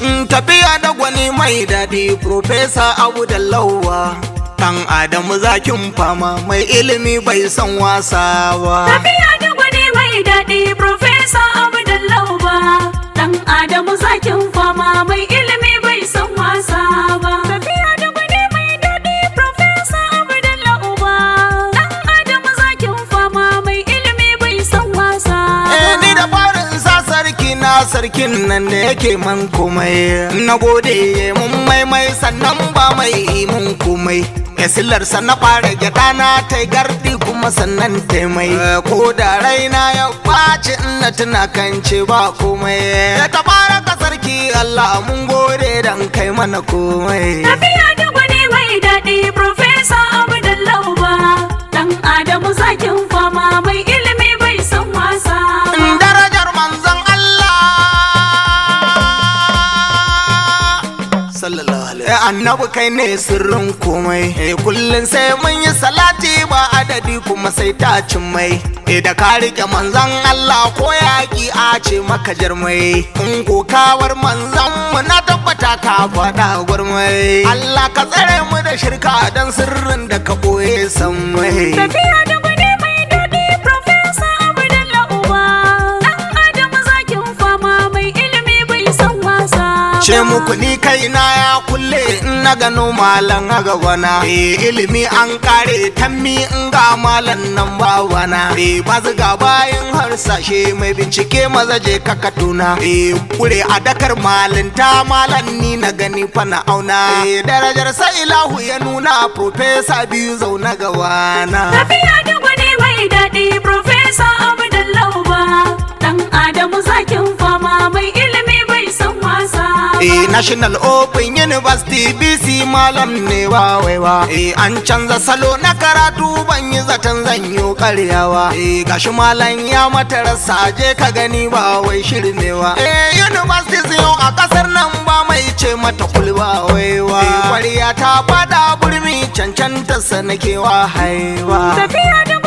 Mm, tafiya da gwani mai daɗi profesa abu da lauwa ɗan adamu zakin fama mai ilimi bai san wasa ba tafiya da gwani mai daɗi profesa abu da lauwa ɗan adamu zakin fama sarkin nan da yake man komai na gode mun maimai sannan ba mai mun komai silarsa na fara gyada na ta gardi kuma sannan ta mai ko da raina ya in na tuna kan ce ba komai ya ta fara ka sarki Allah mun gode dan kai mana komai tafiya da gwani mai daɗi professor Abdullahi ba dan Adamu zakin fama sallallahu alaihi eh, annabi kai ne sirrin komai eh kullun sai mun yi salati ba adadi kuma sai ta cin mai eh da ka rike manzon Allah ko yaki a ce maka jarmai in kokawar manzon mu na tabbata ka faɗa gurmai Allah ka tsare mu da shirka dan sirrin da ka boye san mai tafiya muku ni kaina ya kulle in na gano malan haga wana eh ilimi an kare tammi in ga malan nan ba wana eh ba ziga bayan harsashe mai bincike maza je ka Kaduna eh kure a dakar ta malan ni na gani fa na auna eh darajar sai ilahu ya nuna professor biyu zauna ga wana tafiya da ne mai daɗi professor abdullahi national open university bc malam ne wa. eh an canza salo na karatu ban yi zaton zan yi karyawa eh gashi malam ya mata rasa je ka gani ba wai wa eh university yau a kasar nan ba mai ce mata kulwa waiwa eh, kwariya ta fada burmi cancanta sanakewa haiwa tafiya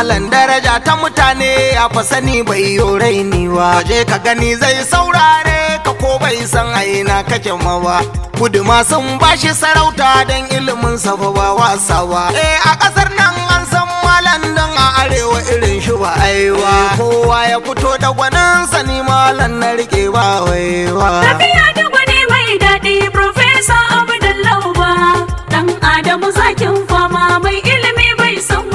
malan daraja ta mutane ya fa sani bai yi raini ba je ka gani zai saurare ka ko bai san aina kake mawa guduma sun bashi sarauta don ilimin sa ba wasawa eh a kasar nan an san malan dan a arewa irin shi ba aiwa kowa ya fito da gwanin sani malan na rike ba waiwa tafiya da gwani mai daɗi professor abdullahi ba dan adamu zakin fama mai ilimi bai san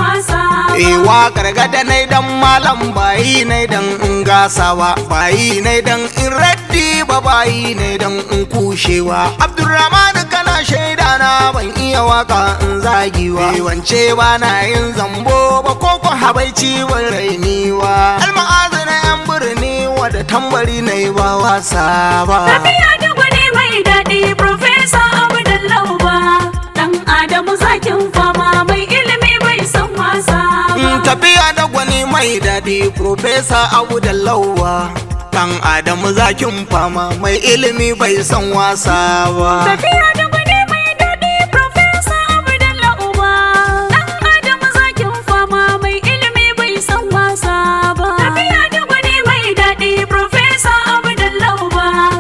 ewa eh, gargada nai dan malam bayi na dan in gasawa bayi na dan in raddi ba bayi na dan in kushewa abdurrahman kana shaida na ban iya waka in zagiwa eh, wance ba na yin zambo ba ko ko habaici ban rainiwa alma'azi na yan birni wada tambari na yi ba wasa ba tafiya da gwani mai daɗi professor abu ba. dan adamu zakin tafiya da gwani mai daɗi profesa abu da lauwa dan adamu zakin fama mai ilimi bai san wasa ba tafiya you. daɗi profesa lauwa fama mai ilimi bai san wasa ba tafiya da mai daɗi profesa lauwa